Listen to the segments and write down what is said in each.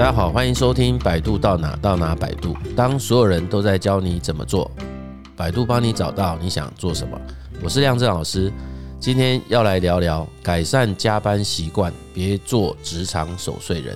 大家好，歡迎收聽《百度到哪到哪》，百度當所有人都在教你怎麼做，百度幫你找到你想做什麼。我是亮震老師，今天要來聊聊改善加班習慣，別做職場守歲人。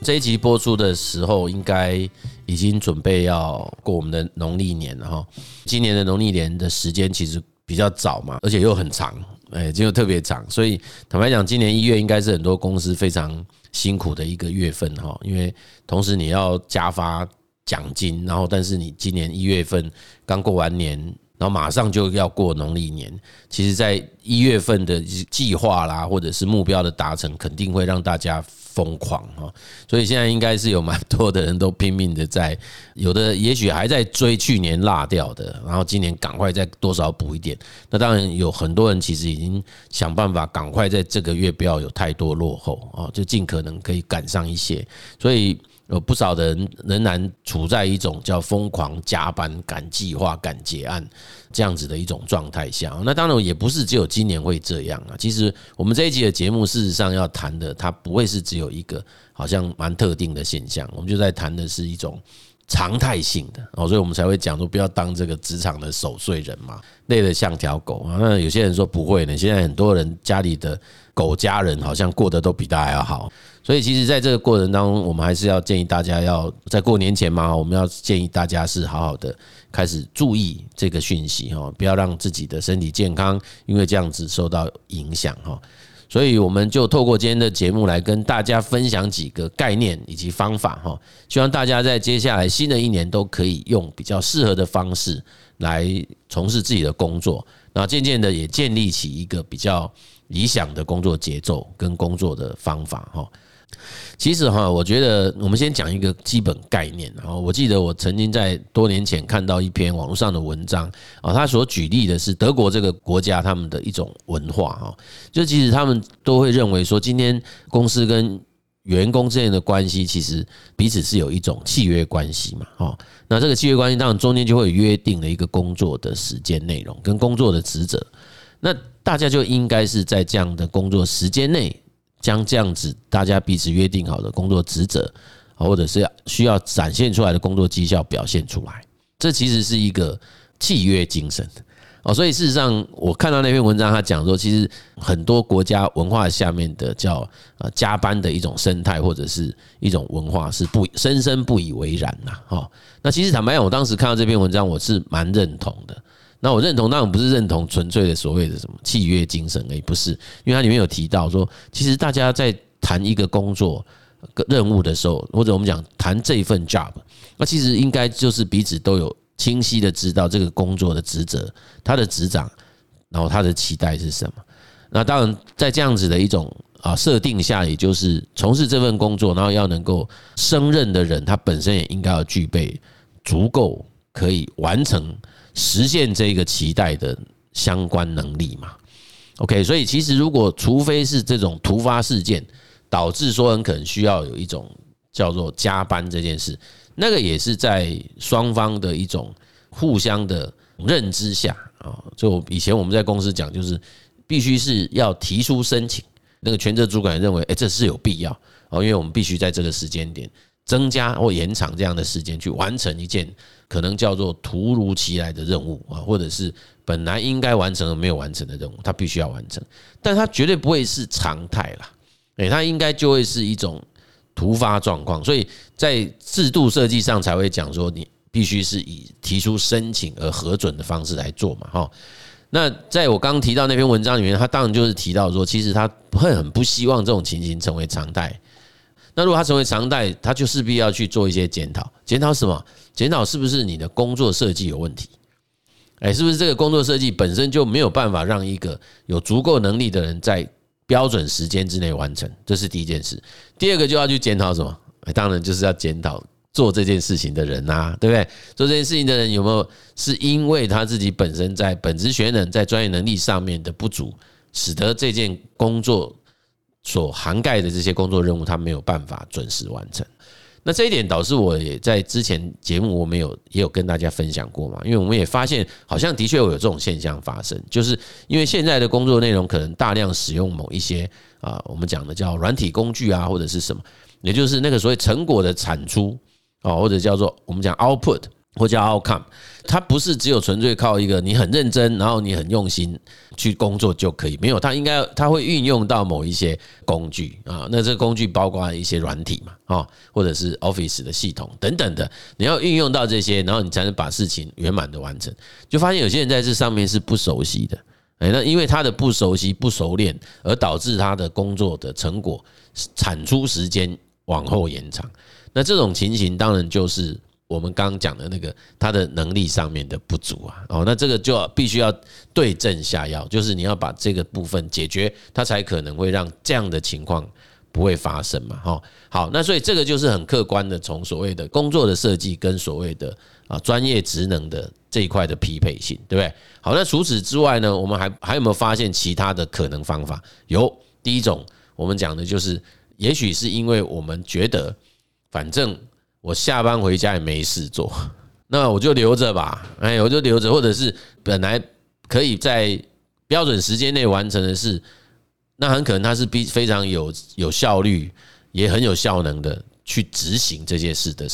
這一集播出的時候，應該已經準備要過我們的農曆年了哈。今年的農曆年的時間其實比較早嘛，而且又很長。哎，就特別長，所以坦白講，今年一月應該是很多公司非常辛苦的一個月份哈，因為同時你要加發獎金，然後但是你今年一月份剛過完年。然後馬上就要過農曆年，其實，在一月份的計劃啦，或者是目標的達成，肯定會讓大家瘋狂哈，所以現在應該是有蠻多的人都拼命的在，有的也許還在追去年落掉的，然後今年趕快再多少補一點。那當然有很多人其實已經想辦法趕快在這個月不要有太多落後啊，就盡可能可以趕上一些。所以。有不少的人仍然處在一種叫瘋狂加班、趕計劃、趕結案這樣子的一種狀態下。那當然也不是只有今年會這樣啊。其實我們這一集的節目，事實上要談的，它不會是只有一個好像蠻特定的現象。我們就在談的是一種。常態性的哦，所以我們才會講說不要當這個職場的守歲人嘛，累得像條狗啊。那有些人說不會呢，現在很多人家裡的狗家人好像過得都比他還要好。所以其實在這個過程當中，我們還是要建議大家要在過年前嘛，我們要建議大家是好好的開始注意這個訊息哈，不要讓自己的身體健康因為這樣子受到影響哈。所以我們就透過今天的節目來跟大家分享幾個概念以及方法哈，希望大家在接下來新的一年都可以用比較適合的方式來從事自己的工作，那漸漸的也建立起一個比較理想的工作節奏跟工作的方法哈。其實哈，我覺得我們先講一個基本概念。哈，我記得我曾經在多年前看到一篇網絡上的文章啊，他所舉例的是德國這個國家他們的一種文化哈，就其實他們都會認為說，今天公司跟員工之間的關係，其實彼此是有一種契約關係嘛，哈，那這個契約關係當然中間就會有約定了一個工作的時間內容跟工作的職責，那大家就應該是在這樣的工作時間內。將這樣子，大家彼此約定好的工作職責，或者是需要展現出來的工作績效表現出來，這其實是一個契約精神哦。所以事實上，我看到那篇文章，他講說，其實很多國家文化下面的叫呃加班的一種生態或者是一種文化，是不深深不以為然吶。哦，那其實坦白講，我當時看到這篇文章，我是蠻認同的。那我認同，當然不是認同純粹的所謂的什麼契約精神而已。不是，因為它裡面有提到說，其實大家在談一個工作、個任務的時候，或者我們講談這份 job，那其實應該就是彼此都有清晰的知道這個工作的職責、他的職掌，然後他的期待是什麼。那當然，在這樣子的一種啊設定下，也就是從事這份工作，然後要能夠勝任的人，他本身也應該要具備足夠可以完成。實現這個期待的相關能力嘛？OK，所以其實如果除非是這種突發事件導致說很可能需要有一種叫做加班這件事，那個也是在雙方的一種互相的認知下啊。就以前我們在公司講，就是必須是要提出申請，那個權責主管認為誒，這是有必要哦，因為我們必須在這個時間點。增加或延長這樣的時間去完成一件可能叫做突如其來的任務啊，或者是本來應該完成而沒有完成的任務，它必須要完成，但它絕對不會是常態啦。誒，它應該就會是一種突發狀況，所以在制度設計上才會講說，你必須是以提出申請而核准的方式來做嘛。哈，那在我剛提到那篇文章裡面，他當然就是提到說，其實他會很不希望這種情形成為常態。那如果他成為常態，他就勢必要去做一些檢討。檢討什麼？檢討是不是你的工作設計有問題？哎，是不是這個工作設計本身就沒有辦法讓一個有足夠能力的人在標準時間之內完成？這是第一件事。第二個就要去檢討什麼？哎，當然就是要檢討做這件事情的人吶、啊，對不對？做這件事情的人有沒有是因為他自己本身在本職學能在專業能力上面的不足，使得這件工作？所涵蓋的這些工作任務，他沒有辦法準時完成。那這一點導致我也在之前節目，我們有也有跟大家分享過嘛。因為我們也發現，好像的確有這種現象發生，就是因為現在的工作內容可能大量使用某一些啊，我們講的叫軟體工具啊，或者是什麼，也就是那個所謂成果的產出啊，或者叫做我們講 output。或叫 Outcome，它不是只有純粹靠一個你很認真，然後你很用心去工作就可以，沒有，它應該它會運用到某一些工具啊，那這工具包括一些軟體嘛，哈，或者是 Office 的系統等等的，你要運用到這些，然後你才能把事情圓滿的完成。就發現有些人在這上面是不熟悉的，誒，那因為他的不熟悉、不熟練，而導致他的工作的成果產出時間往後延長。那這種情形當然就是。我們剛剛講的那個他的能力上面的不足啊，哦，那這個就必須要對症下藥，就是你要把這個部分解決，他才可能會讓這樣的情況不會發生嘛，哈。好，那所以這個就是很客觀的，從所謂的工作的設計跟所謂的啊專業職能的這一塊的匹配性，對不對？好，那除此之外呢，我們還還有沒有發現其他的可能方法？有，第一種我們講的就是，也許是因為我們覺得反正，我下班回家也沒事做，那我就留着吧。哎，我就留着，或者是本來可以在標準時間內完成的事，那很可能它是比非常有有效率，也很有效能的去執行這些事的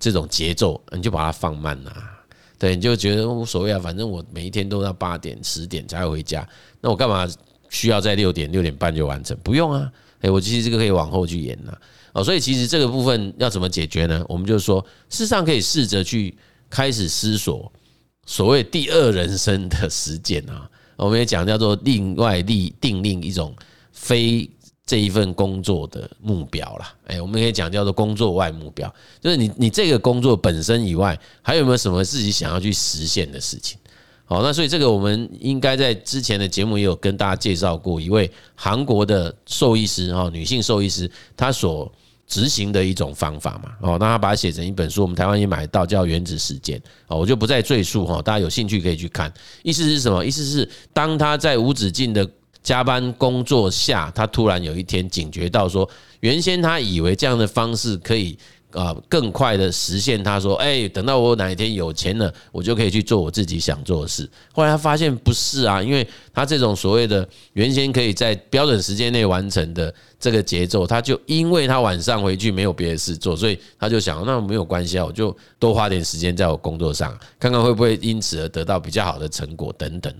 這種節奏，你就把它放慢吶啊。對，你就覺得無所謂啊，反正我每一天都要八點、十點才會回家，那我幹嘛需要在六點、六點半就完成？不用啊，哎，我其實這個可以往後去延吶啊。哦，所以其實這個部分要怎麼解決呢？我們就是說，事實上可以試着去開始思索所謂第二人生的實踐啊。我們也講叫做另外立定另一種非這一份工作的目標啦，哎，我們可以講叫做工作外目標，就是你你這個工作本身以外，還有沒有什麼自己想要去實現的事情？哦，那所以這個我們應該在之前的節目也有跟大家介紹過一位韓國的獸醫師哈，女性獸醫師，她所執行的一種方法嘛。哦，那她把它寫成一本書，我們台灣也買到，叫《原子時間》。哦，我就不再贅述哈，大家有興趣可以去看。意思是什麼？意思是當她在無止境的加班工作下，她突然有一天警覺到說，原先她以為這樣的方式可以。啊，更快的實現。他說：“哎，等到我哪一天有錢了，我就可以去做我自己想做的事。”後來他發現不是啊，因為他這種所謂的原先可以在標準時間內完成的這個節奏，他就因為他晚上回去沒有別的事做，所以他就想，那沒有關係啊，我就多花點時間在我工作上，看看會不會因此而得到比較好的成果等等。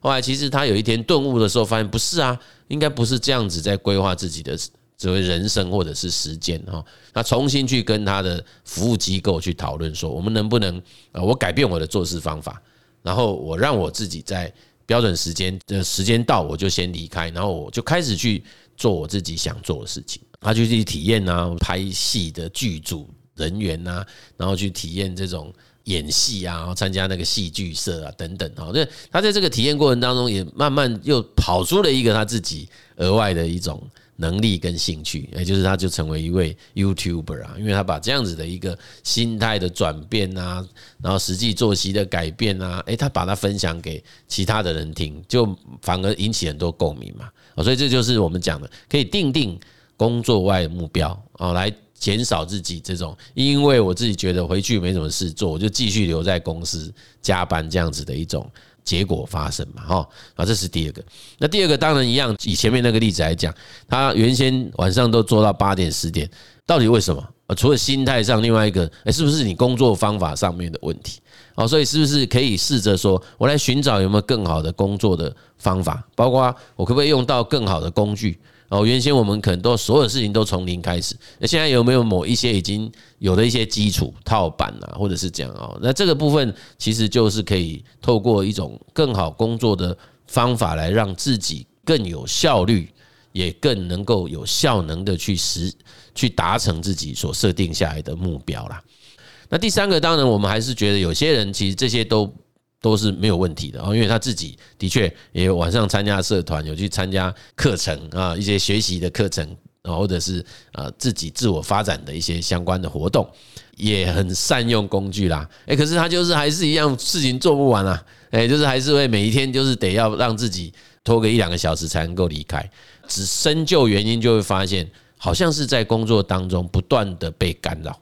後來其實他有一天頓悟的時候，發現不是啊，應該不是這樣子在規劃自己的事。只為人生或者是時間哈，他重新去跟他的服務機構去討論說，我們能不能呃，我改變我的做事方法，然後我讓我自己在標準時間的時間到，我就先離開，然後我就開始去做我自己想做的事情。他就去體驗啊，拍戲的劇組人員啊，然後去體驗這種演戲啊，參加那個戲劇社啊等等哈。這他在這個體驗過程當中，也慢慢又跑出了一個他自己額外的一種，能力跟興趣，也就是他就成為一位 YouTuber 啊，因為他把這樣子的一個心態的轉變啊，然後實際作息的改變啊，欸，他把它分享給其他的人聽，就反而引起很多共鳴嘛。所以這就是我們講的，可以定定工作外的目標啊，來減少自己這種，因為我自己覺得回去沒什麼事做，我就繼續留在公司加班這樣子的一種。結果發生嘛，哈啊，這是第二個。那第二個當然一樣，以前面那個例子來講，他原先晚上都做到八點十點，到底為什麼？除了心態上，另外一個，誒，是不是你工作方法上面的問題？哦，所以是不是可以試着說，我來尋找有沒有更好的工作的方法，包括我可不可以用到更好的工具。哦，原先我們可能都所有事情都從零開始，那現在有沒有某一些已經有了一些基礎套板啊，或者是這樣哦，那這個部分其實就是可以透過一種更好工作的方法來讓自己更有效率，也更能夠有效能的去實去達成自己所設定下來的目標啦。那第三個，當然我們還是覺得有些人其實這些都。都是沒有問題的，因為他自己的確也有晚上參加社團，有去參加課程啊，一些學習的課程，或者是呃自己自我發展的一些相關的活動，也很善用工具啦。誒，可是他就是還是一樣事情做不完啊，誒，就是還是會每一天就是得要讓自己拖個一兩個小時才能夠離開。只深究原因，就會發現好像是在工作當中不斷的被干擾。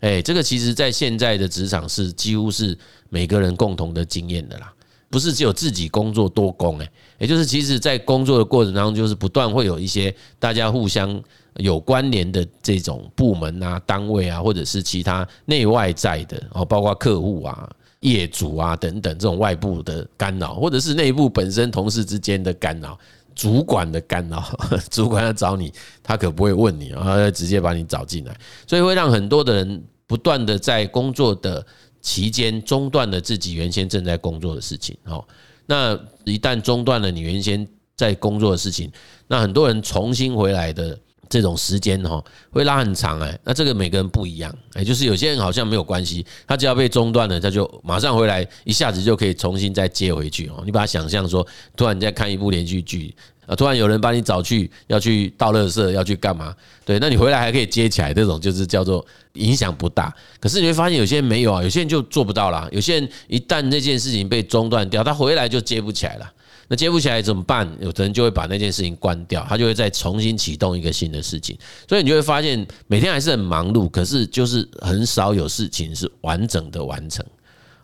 誒，欸、這個其實，在現在的職場是幾乎是每個人共同的經驗的啦，不是只有自己工作多工哎、欸，也就是其實在工作的過程當中，就是不斷會有一些大家互相有關聯的這種部門啊、單位啊，或者是其他內外在的哦，包括客戶啊、業主啊等等這種外部的干擾，或者是內部本身同事之間的干擾。主管的干擾，主管要找你，他可不會問你啊，他直接把你找進來，所以會讓很多的人不斷的在工作的期間中斷了自己原先正在工作的事情。好，那一旦中斷了你原先在工作的事情，那很多人重新回來的，這種時間哈會拉很長哎那這個每個人不一樣哎就是有些人好像沒有關係，他只要被中斷了，他就馬上回來，一下子就可以重新再接回去哦。你把它想象說，突然你再看一部連續劇啊，突然有人幫你找去要去倒垃圾，要去幹嘛？對，那你回來還可以接起來，這種就是叫做影響不大。可是你會發現有些人沒有啊，有些人就做不到啦，有些人一旦那件事情被中斷掉，他回來就接不起來了。那接不起來怎麼辦？有的人就會把那件事情關掉，他就會再重新啟動一個新的事情。所以你就會發現，每天還是很忙碌，可是就是很少有事情是完整的完成。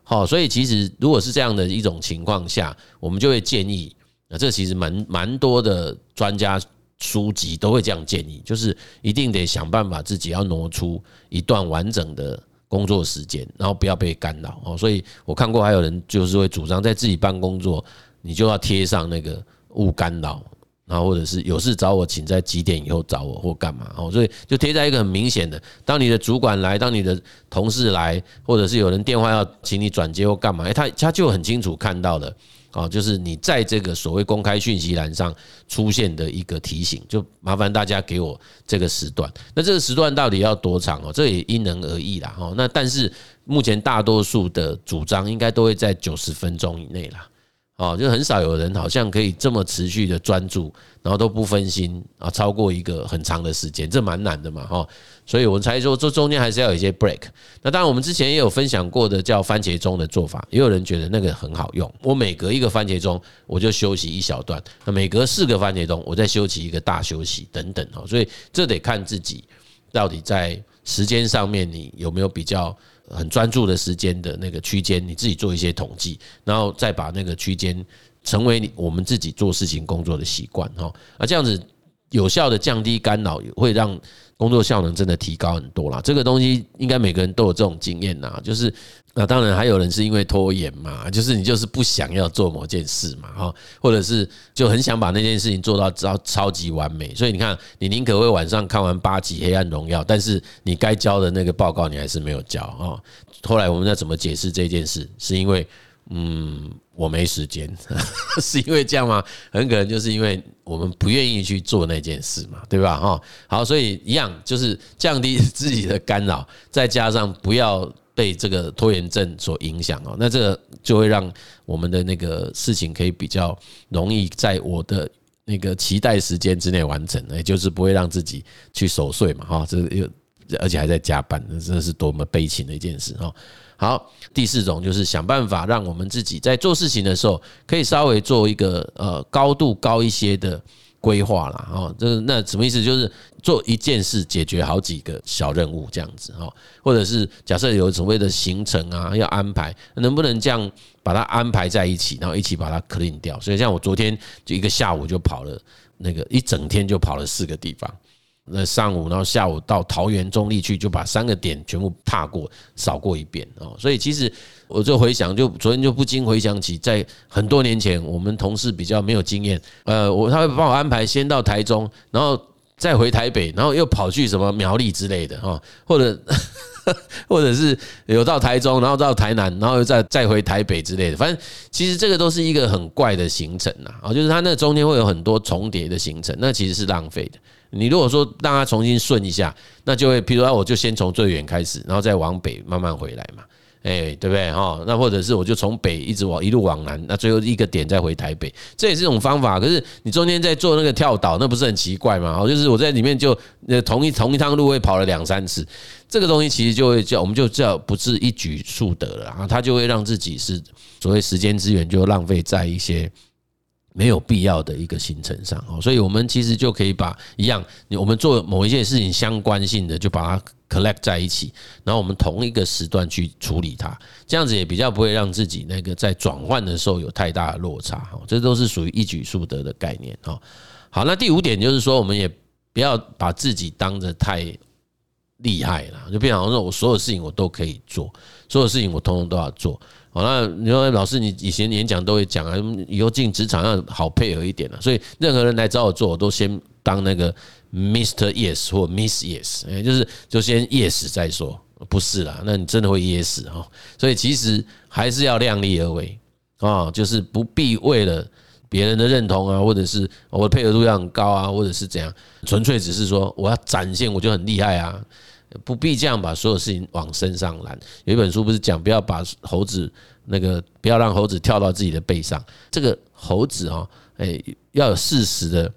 好，所以其實如果是這樣的一種情況下，我們就會建議，那這其實蠻蠻多的專家書籍都會這樣建議，就是一定得想辦法自己要挪出一段完整的工作時間，然後不要被干擾。哦，所以我看過還有人就是會主張在自己辦工作。你就要貼上那個勿干擾，然後或者是有事找我，請在幾點以後找我或幹嘛哦，所以就貼在一個很明顯的，當你的主管來，當你的同事來，或者是有人電話要請你轉接或幹嘛，哎，他他就很清楚看到的，哦，就是你在這個所謂公開訊息欄上出現的一個提醒，就麻煩大家給我這個時段，那這個時段到底要多長哦？這也因人而異啦，哦，那但是目前大多數的主張應該都會在九十分鐘以內啦。哦，就很少有人好像可以這麼持續的專注，然後都不分心啊，超過一個很長的時間，這蠻難的嘛，哈。所以我才說，這中間還是要有一些 break。那當然，我們之前也有分享過的叫番茄鐘的做法，也有人覺得那個很好用。我每隔一個番茄鐘，我就休息一小段；那每隔四個番茄鐘，我再休息一個大休息，等等啊。所以這得看自己到底在時間上面你有沒有比較。很專注的時間的那個區間，你自己做一些統計，然後再把那個區間成為你我們自己做事情工作的習慣哈，啊，這樣子有效的降低干擾，會讓工作效能真的提高很多啦。這個東西應該每個人都有這種經驗啦，就是。那當然還有人是因為拖延嘛，就是你就是不想要做某件事嘛，哈，或者是就很想把那件事情做到超超級完美，所以你看，你寧可會晚上看完八集《黑暗榮耀》，但是你該交的那個報告你還是沒有交哈，後來我們再怎麼解釋這件事？是因為嗯，我沒時間， 是因為這樣嗎？很可能就是因為我們不願意去做那件事嘛，對吧？哈，好，所以一樣就是降低自己的干擾，再加上不要被這個拖延症所影響哦，那這個就會讓我們的那個事情可以比較容易在我的那個期待時間之內完成，也就是不會讓自己去守歲嘛哈，這又而且還在加班，這是多麼悲情的一件事哦。好，第四種就是想辦法讓我們自己在做事情的時候，可以稍微做一個呃高度高一些的。規劃啦哦，就是那什麼意思？就是做一件事解決好幾個小任務這樣子哦，或者是假設有所謂的行程啊，要安排，能不能這樣把它安排在一起，然後一起把它 clean 掉？所以像我昨天就一個下午就跑了那個一整天就跑了四個地方。那上午，然後下午到桃園中壢去，就把三個點全部踏過、掃過一遍啊。所以其實我就回想，就昨天就不禁回想起，在很多年前，我們同事比較沒有經驗，呃，我他會幫我安排先到台中，然後再回台北，然後又跑去什麼苗栗之類的啊，或者或者是有到台中，然後到台南，然後又再再回台北之類的。反正其實這個都是一個很怪的行程啊，就是他那中間會有很多重疊的行程，那其實是浪費的。你如果說讓它重新順一下，那就會，譬如說我就先從最遠開始，然後再往北慢慢回來嘛，誒，對不對哈？那或者是我就從北一直往一路往南，那最後一個點再回台北，這也是一種方法。可是你中間在做那個跳島，那不是很奇怪嗎？哦，就是我在裡面就同一同一趟路會跑了兩三次，這個東西其實就會叫我們就叫不是一舉數得了啊，他就會讓自己是所謂時間資源就浪費在一些。沒有必要的一個行程上哦，所以我們其實就可以把一樣，我們做某一件事情相關性的，就把它 collect 在一起，然後我們同一個時段去處理它，這樣子也比較不會讓自己那個在轉換的時候有太大的落差哦。這都是屬於一舉數得的概念哦。好，那第五點就是說，我們也不要把自己當得太厲害了，就變成說，我所有事情我都可以做，所有事情我通通都要做。好，那你說老師，你以前演講都會講啊，以後進職場要好配合一點了啊。所以任何人來找我做，我都先當那個 Mister Yes 或 Miss Yes，就是就先 Yes 再說不是啦。那你真的會噎死哈。所以其實還是要量力而為啊，就是不必為了別人的認同啊，或者是我的配合度要很高啊，或者是怎樣，純粹只是說我要展現，我就很厲害啊。不必這樣把所有事情往身上攬。有一本書不是講，不要把猴子那個，不要讓猴子跳到自己的背上。這個猴子哦，哎，要有事實的，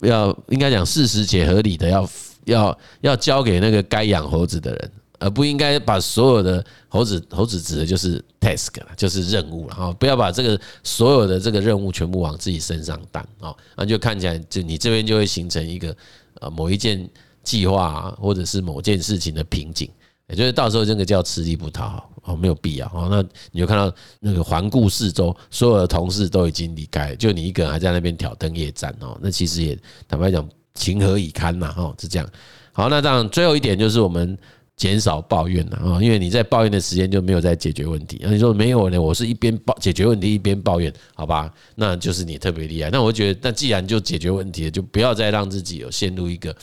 要應該講事實且合理的，要要要交給那個該養猴子的人，而不應該把所有的猴子，猴子指的就是 task，就是任務了哈，不要把這個所有的這個任務全部往自己身上擔啊，那就看起來就你這邊就會形成一個呃某一件。計劃，啊，或者是某件事情的瓶頸，也就是到時候這個叫吃力不討好，沒有必要啊，那你就看到那個環顧四周，所有的同事都已經離開，就你一個人還在那邊挑燈夜戰哦。那其實也坦白講，情何以堪吶？哈，是這樣。好，那這樣最後一點就是我們減少抱怨了啊，因為你在抱怨的時間就沒有在解決問題。那你說沒有呢？我是一邊解決問題，一邊抱怨，好吧？那就是你特別厲害。那我覺得，那既然就解決問題，就不要再讓自己有陷入一個。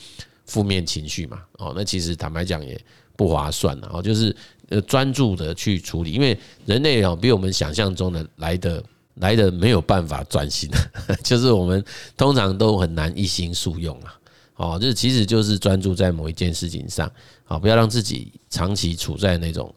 負面情緒嘛，哦，那其實坦白講也不划算的哦，就是呃專注的去處理，因為人類啊比我們想象中的來得來得沒有辦法專心，就是我們通常都很難一心速用啊，哦，這其實就是專注在某一件事情上，好，不要讓自己長期處在那種。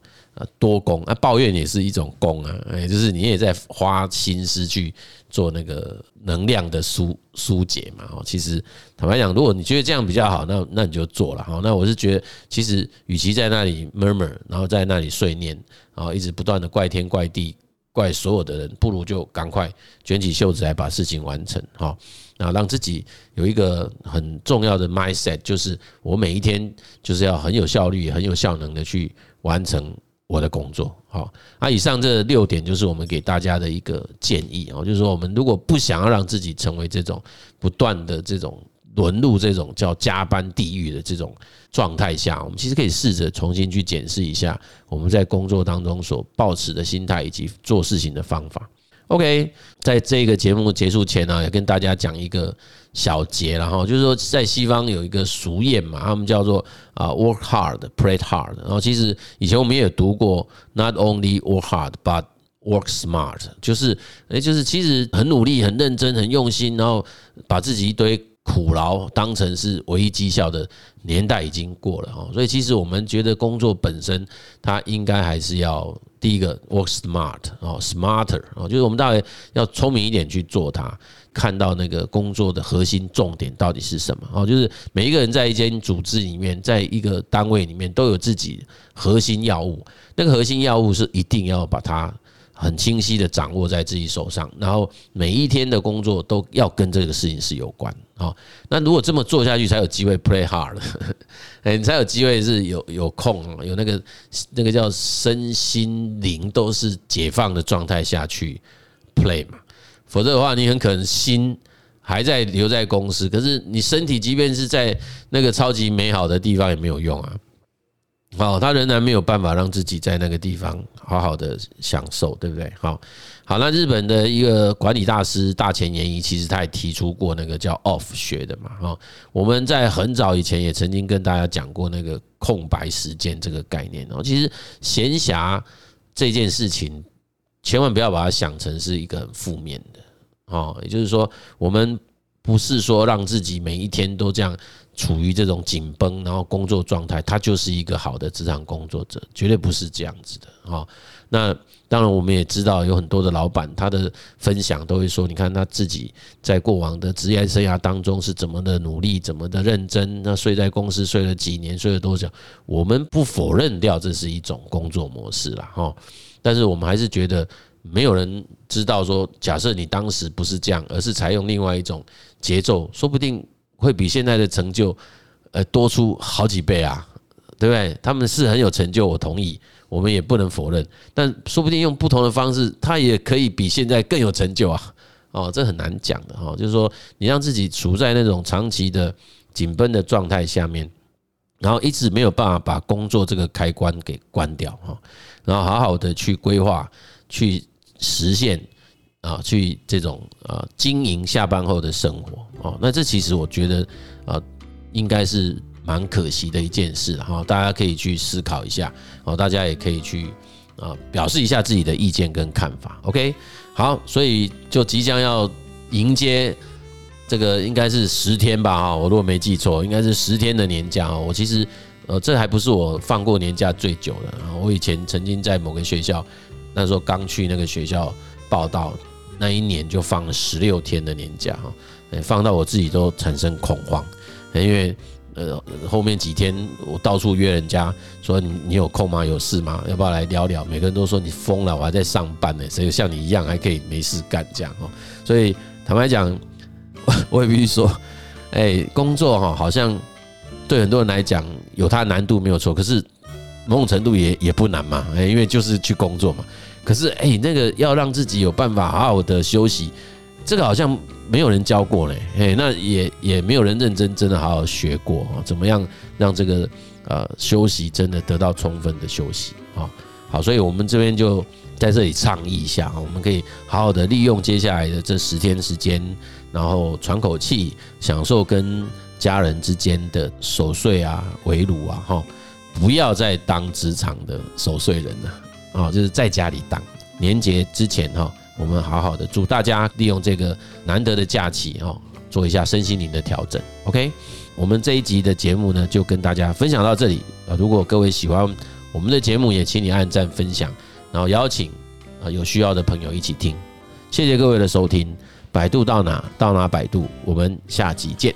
多功啊，抱怨也是一種功啊，哎，就是你也在花心思去做那個能量的疏疏解嘛。其實坦白講，如果你覺得這樣比較好，那那你就做了。那我是覺得，其實與其在那裡 murmur，然後在那裡碎念，然後一直不斷的怪天怪地怪所有的人，不如就趕快捲起袖子來把事情完成。哈，那讓自己有一個很重要的 mindset，就是我每一天就是要很有效率、很有效能的去完成。我的工作好，啊，那以上這六點就是我們給大家的一個建議啊，就是說，我們如果不想要讓自己成為這種不斷的這種淪入這種叫加班地獄的這種狀態下，我們其實可以試着重新去檢視一下我們在工作當中所抱持的心態以及做事情的方法。OK，在這個節目結束前呢，也跟大家講一個小結，然後就是說在西方有一個俗諺嘛，他們叫做啊 “work hard, play hard”。然後其實以前我們也讀過 “not only work hard, but work smart”，就是哎，就是其實很努力、很認真、很用心，然後把自己一堆苦勞當成是唯一績效的年代已經過了哈。所以其實我們覺得工作本身，它應該還是要。第一個 work smart，哦，smarter，哦，就是我們大概要聰明一點去做它，看到那個工作的核心重點到底是什麼，哦，就是每一個人在一間組織裡面，在一個單位裡面都有自己核心要務，那個核心要務是一定要把它很清晰的掌握在自己手上，然後每一天的工作都要跟這個事情是有關，哦，那如果這麼做下去，才有機會 play hard。哎，你才有機會是有有空啊，有那個那個叫身心靈都是解放的狀態下去 play 嘛，否則的話，你很可能心還在留在公司，可是你身體即便是在那個超級美好的地方也沒有用啊。哦，他仍然沒有辦法讓自己在那個地方好好的享受，對不對？好，好，那日本的一個管理大師大前研一，其實他也提出過那個叫 “off 學”的嘛。哈，我們在很早以前也曾經跟大家講過那個空白時間這個概念。哦。其實閒暇這件事情，千萬不要把它想成是一個很負面的。哦，也就是說，我們不是說讓自己每一天都這樣。處於這種緊繃，然後工作狀態，他就是一個好的職場工作者，絕對不是這樣子的哈，那當然，我們也知道有很多的老闆，他的分享都會說，你看他自己在過往的職業生涯當中是怎麼的努力，怎麼的認真，那睡在公司睡了幾年，睡了多久，我們不否認掉這是一種工作模式了哈。但是我們還是覺得，沒有人知道說，假設你當時不是這樣，而是採用另外一種節奏，說不定。會比現在的成就，呃，多出好幾倍啊，對不對？他們是很有成就，我同意，我們也不能否認。但說不定用不同的方式，他也可以比現在更有成就啊！哦，這很難講的哈。就是說，你讓自己處在那種長期的緊繃的狀態下面，然後一直沒有辦法把工作這個開關給關掉哈，然後好好的去規劃、去實現。啊，去這種啊經營下班後的生活哦，那這其實我覺得啊，應該是蠻可惜的一件事哈，大家可以去思考一下哦，大家也可以去啊表示一下自己的意見跟看法。OK，好，所以就即將要迎接這個應該是十天吧啊，我如果沒記錯，應該是十天的年假哦。我其實呃，這還不是我放過年假最久的，啊，我以前曾經在某個學校，那時候剛去那個學校報到，那一年就放了十六天的年假哈，哎，放到我自己都產生恐慌，因為呃後面幾天我到處約人家說，你有空嗎？有事嗎？要不要來聊聊？每個人都說你瘋了，我還在上班呢，誰像你一樣還可以沒事幹這樣哦？所以坦白講，我也必須說，哎，工作哈好像對很多人來講有它的難度沒有錯，可是某種程度也也不難嘛，哎，因為就是去工作嘛。可是，哎，那個要讓自己有辦法好好的休息，這個好像沒有人教過嘞，哎，那也也沒有人認真真的好好學過，怎麼樣讓這個呃休息真的得到充分的休息啊？好，所以我們這邊就在這裡倡議一下，我們可以好好的利用接下來的這十天時間，然後喘口氣，享受跟家人之間的守歲啊、圍爐啊，哈，不要再當職場的守歲人了。哦，就是在家裡蕩，年節之前哈，我們好好的祝大家利用這個難得的假期哈，做一下身心靈的調整。OK，我們這一集的節目呢，就跟大家分享到這裡啊。如果各位喜歡我們的節目，也請你按讚分享，然後邀請啊有需要的朋友一起聽。謝謝各位的收聽，百度到哪到哪百度，我們下集見。